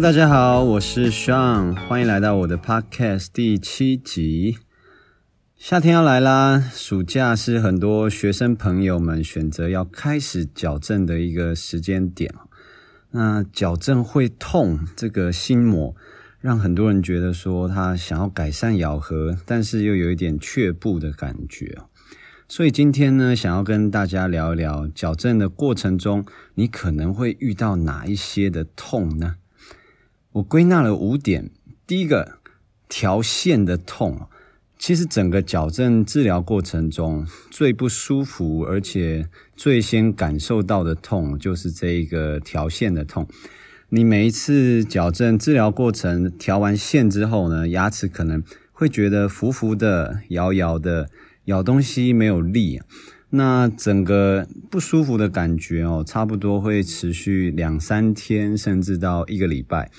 Hello, 大家好，我是 Sean，歡迎來到我的 podcast 第七集。夏天要來啦，暑假是很多學生朋友們選擇要開始矯正的一個時間點。那矯正會痛，這個心魔讓很多人覺得說他想要改善咬合，但是又有一點卻步的感覺。所以今天呢，想要跟大家聊一聊矯正的過程中，你可能會遇到哪一些的痛呢？我歸納了五點。第一個，調線的痛。其實整個矯正治療過程中最不舒服，而且最先感受到的痛就是這一個調線的痛。你每一次矯正治療過程調完線之後呢，牙齒可能會覺得浮浮的、搖搖的，咬東西沒有力。那整個不舒服的感覺哦，差不多會持續兩三天，甚至到一個禮拜。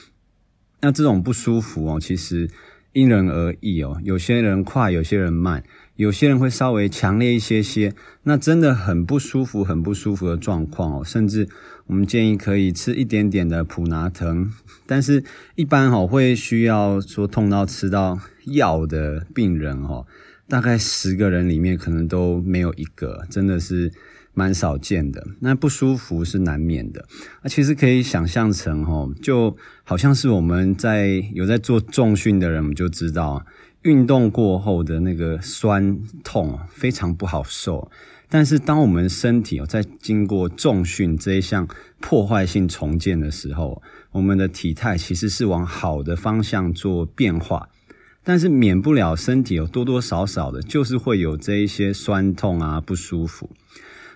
那這種不舒服哦，其實因人而異哦。有些人快，有些人慢，有些人會稍微強烈一些些。那真的很不舒服，很不舒服的狀況哦。甚至我們建議可以吃一點點的普拿疼。但是一般哦會需要說痛到吃到藥的病人哦，大概十個人裡面可能都沒有一個，真的是。蠻少見的，那不舒服是難免的。那其實可以想象成，吼，就好像是我們在有在做重訓的人，我們就知道，運動過後的那個酸痛非常不好受。但是，當我們身體在經過重訓這一項破壞性重建的時候，我們的體態其實是往好的方向做變化，但是免不了身體有多多少少的，就是會有這一些酸痛啊，不舒服。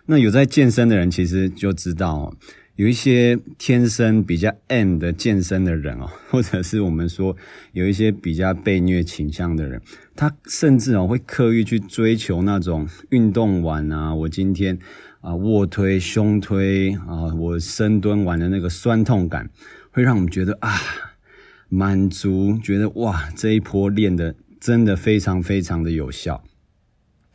那有在健身的人，其實就知道哦，有一些天生比較 M 的健身的人哦，或者是我們說有一些比較被虐傾向的人，他甚至哦會刻意去追求那種運動完啊，我今天啊呃、臥推、胸推啊、呃，我深蹲完的那個酸痛感，會讓我們覺得啊滿足，覺得哇這一波練的真的非常非常的有效。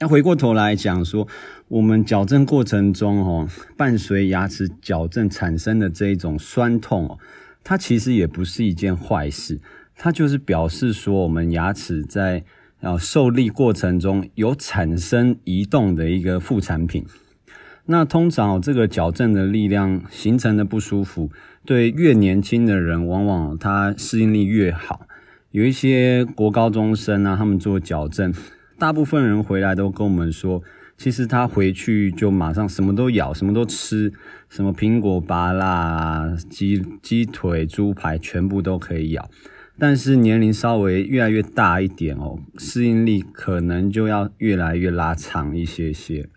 那回過頭來講說，我們矯正過程中，哦，伴隨牙齒矯正產生的這一種酸痛，它其實也不是一件壞事，它就是表示說我們牙齒在受力過程中有產生移動的一個副產品。那通常這個矯正的力量形成的不舒服，對越年輕的人，往往它適應力越好。有一些國高中生啊，他們做矯正。大部分人回來都跟我們說，其實他回去就馬上什麼都咬，什麼都吃，什麼蘋果、芭樂、雞雞腿、豬排，全部都可以咬。但是年齡稍微越來越大一點哦，適應力可能就要越來越拉長一些些。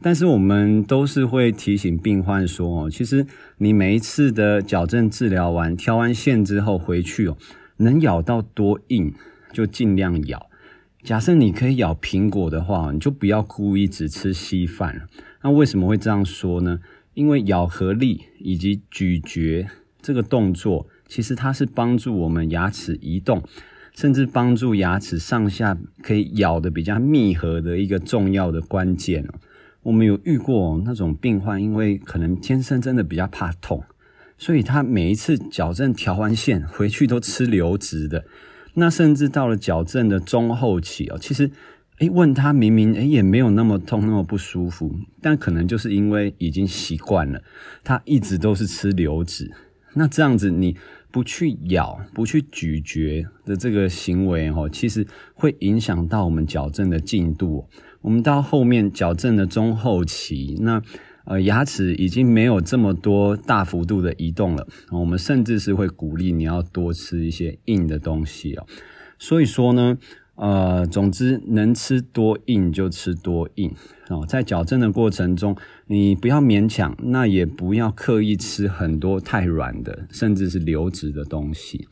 但是我們都是會提醒病患說哦，其實你每一次的矯正治療完、挑完線之後回去哦，能咬到多硬就盡量咬。假設你可以咬蘋果的話，你就不要故意只吃稀飯。那為什麼會這樣說呢？因為咬合力以及咀嚼這個動作，其實它是幫助我們牙齒移動，甚至幫助牙齒上下可以咬得比較密合的一個重要的關鍵。我們有遇過那種病患，因為可能天生真的比較怕痛，所以他每一次矯正調完線，回去都吃流質的。那甚至到了矯正的中後期哦，其實，哎，問他明明哎也沒有那麼痛、那麼不舒服，但可能就是因為已經習慣了，他一直都是吃流質。那這樣子你不去咬、不去咀嚼的這個行為哦，其實會影響到我們矯正的進度。我們到後面矯正的中後期，那。呃，牙齒已經沒有這麼多大幅度的移動了，我們甚至是會鼓勵你要多吃一些硬的東西哦。所以說呢，呃，總之能吃多硬就吃多硬哦。在矯正的過程中，你不要勉強，那也不要刻意吃很多太軟的，甚至是流質的東西。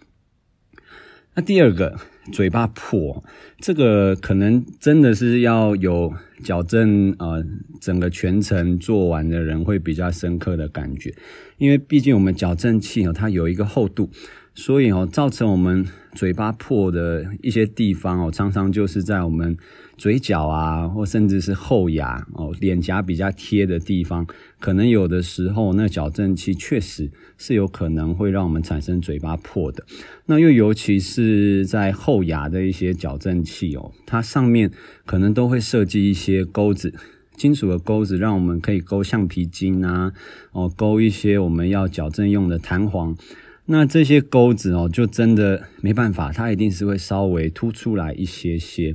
那第二個，嘴巴破，這個可能真的是要有矯正啊，呃，整個全程做完的人會比較深刻的感覺，因為畢竟我們矯正器呢，它有一個厚度。所以哦，造成我們嘴巴破的一些地方哦，常常就是在我們嘴角啊，或甚至是後牙哦，臉頰比較貼的地方，可能有的時候那矯正器確實是有可能會讓我們產生嘴巴破的。那又尤其是在後牙的一些矯正器哦，它上面可能都會設計一些鈎子，金屬的鈎子，讓我們可以勾橡皮筋啊，哦，勾一些我們要矯正用的彈簧。那這些鈎子哦，就真的沒辦法，它一定是會稍微凸出來一些些。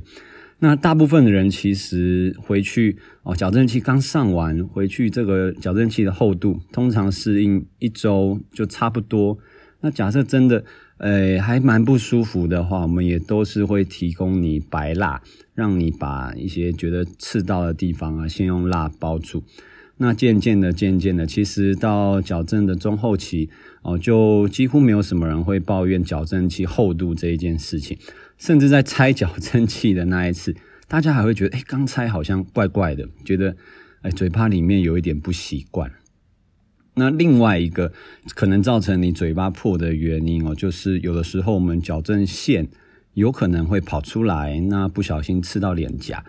那大部分的人其實回去哦，矯正器剛上完回去，這個矯正器的厚度通常適應一周就差不多。那假設真的，誒、欸、還蠻不舒服的話，我們也都是會提供你白蠟，讓你把一些覺得刺到的地方啊，先用蠟包住。那漸漸的，漸漸的，其實到矯正的中後期哦，就幾乎沒有什麼人會抱怨矯正器厚度這一件事情，甚至在拆矯正器的那一次，大家還會覺得，哎，剛拆好像怪怪的，覺得，誒，嘴巴裡面有一點不習慣。那另外一個可能造成你嘴巴破的原因哦，就是有的時候我們矯正線有可能會跑出來，那不小心刺到臉頰。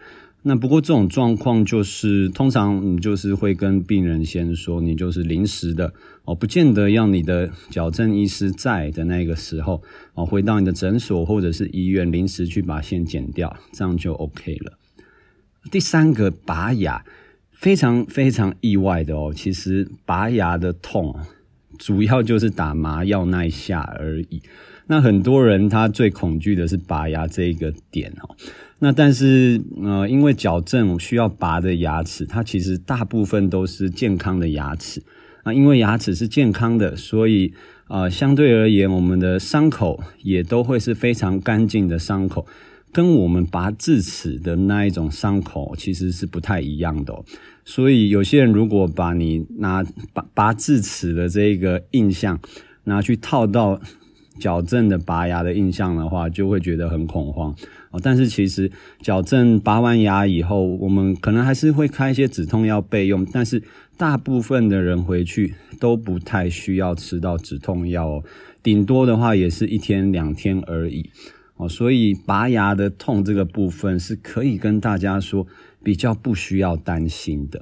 那不過這種狀況就是，通常你就是會跟病人先說，你就是臨時的哦，不見得要你的矯正醫師在的那個時候哦，回到你的診所或者是醫院臨時去把線剪掉，這樣就 OK 了。第三個拔牙，非常非常意外的哦，其實拔牙的痛，主要就是打麻藥那一下而已。那很多人他最恐懼的是拔牙這一個點哦。那但是呃，因為矯正需要拔的牙齒，它其實大部分都是健康的牙齒。那、啊、因為牙齒是健康的，所以呃，相對而言，我們的傷口也都會是非常乾淨的傷口，跟我們拔智齒的那一種傷口其實是不太一樣的哦。所以有些人如果把你拿拔拔智齒的這個印象拿去套到。矯正的拔牙的印象的話，就會覺得很恐慌哦。但是其實矯正拔完牙以後，我們可能還是會開一些止痛藥備用，但是大部分的人回去都不太需要吃到止痛藥哦，頂多的話也是一天兩天而已哦。所以拔牙的痛這個部分是可以跟大家說比較不需要擔心的。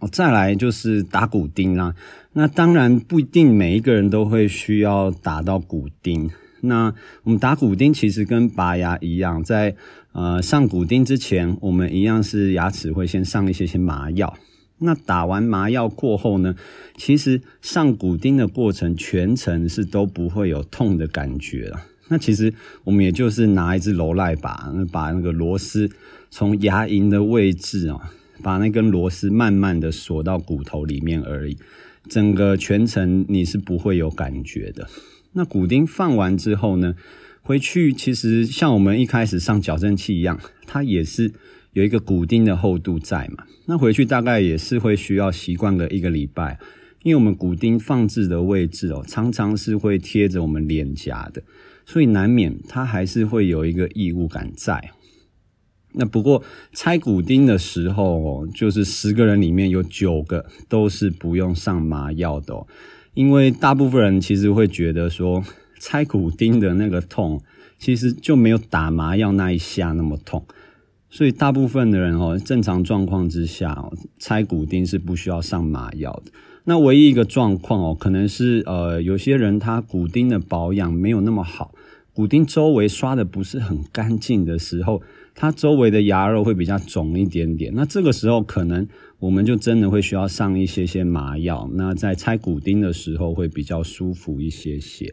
哦，再來就是打骨釘啦。那當然不一定每一個人都會需要打到骨釘。那我們打骨釘其實跟拔牙一樣，在呃上骨釘之前，我們一樣是牙齒會先上一些些麻藥。那打完麻藥過後呢，其實上骨釘的過程全程是都不會有痛的感覺了。那其實我們也就是拿一支螺賴拔，把那個螺絲從牙齦的位置啊。把那根螺絲慢慢的鎖到骨頭裡面而已，整個全程你是不會有感覺的。那骨釘放完之後呢，回去其實像我們一開始上矯正器一樣，它也是有一個骨釘的厚度在嘛。那回去大概也是會需要習慣個一個禮拜，因為我們骨釘放置的位置哦，常常是會貼着我們臉頰的，所以難免它還是會有一個異物感在。那不過拆骨釘的時候哦，就是十個人裡面有九個都是不用上麻藥的哦，因為大部分人其實會覺得說拆骨釘的那個痛，其實就沒有打麻藥那一下那麼痛，所以大部分的人哦，正常狀況之下哦，拆骨釘是不需要上麻藥的。那唯一一個狀況哦，可能是呃有些人他骨釘的保養沒有那麼好，骨釘周圍刷得不是很乾淨的時候。它周圍的牙肉會比較腫一點點，那這個時候可能我們就真的會需要上一些些麻藥，那在拆骨釘的時候會比較舒服一些些。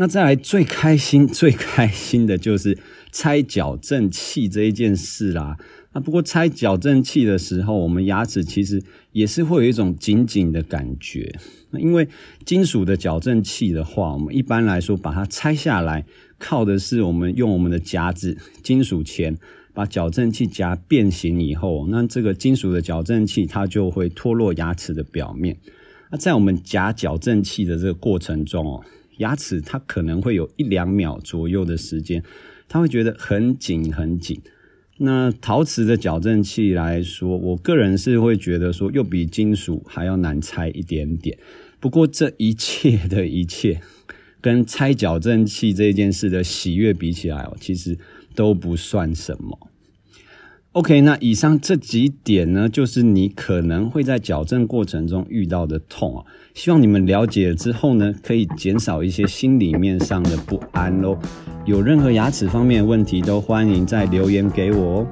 那再來最開心、最開心的就是拆矯正器這一件事啦、啊。那不過拆矯正器的時候，我們牙齒其實也是會有一種緊緊的感覺。那因為金屬的矯正器的話，我們一般來說把它拆下來，靠的是我們用我們的夾子、金屬鉗把矯正器夾變形以後，那這個金屬的矯正器它就會脫落牙齒的表面。那在我們夾矯正器的這個過程中哦。牙齒它可能會有一兩秒左右的時間，它會覺得很緊很緊。那陶瓷的矯正器來說，我個人是會覺得說，又比金屬還要難拆一點點。不過這一切的一切，跟拆矯正器這件事的喜悅比起來哦，其實都不算什麼。OK，那以上這幾點呢，就是你可能會在矯正過程中遇到的痛啊。希望你們了解了之後呢，可以減少一些心裡面上的不安哦。有任何牙齒方面的問題，都歡迎在留言給我哦。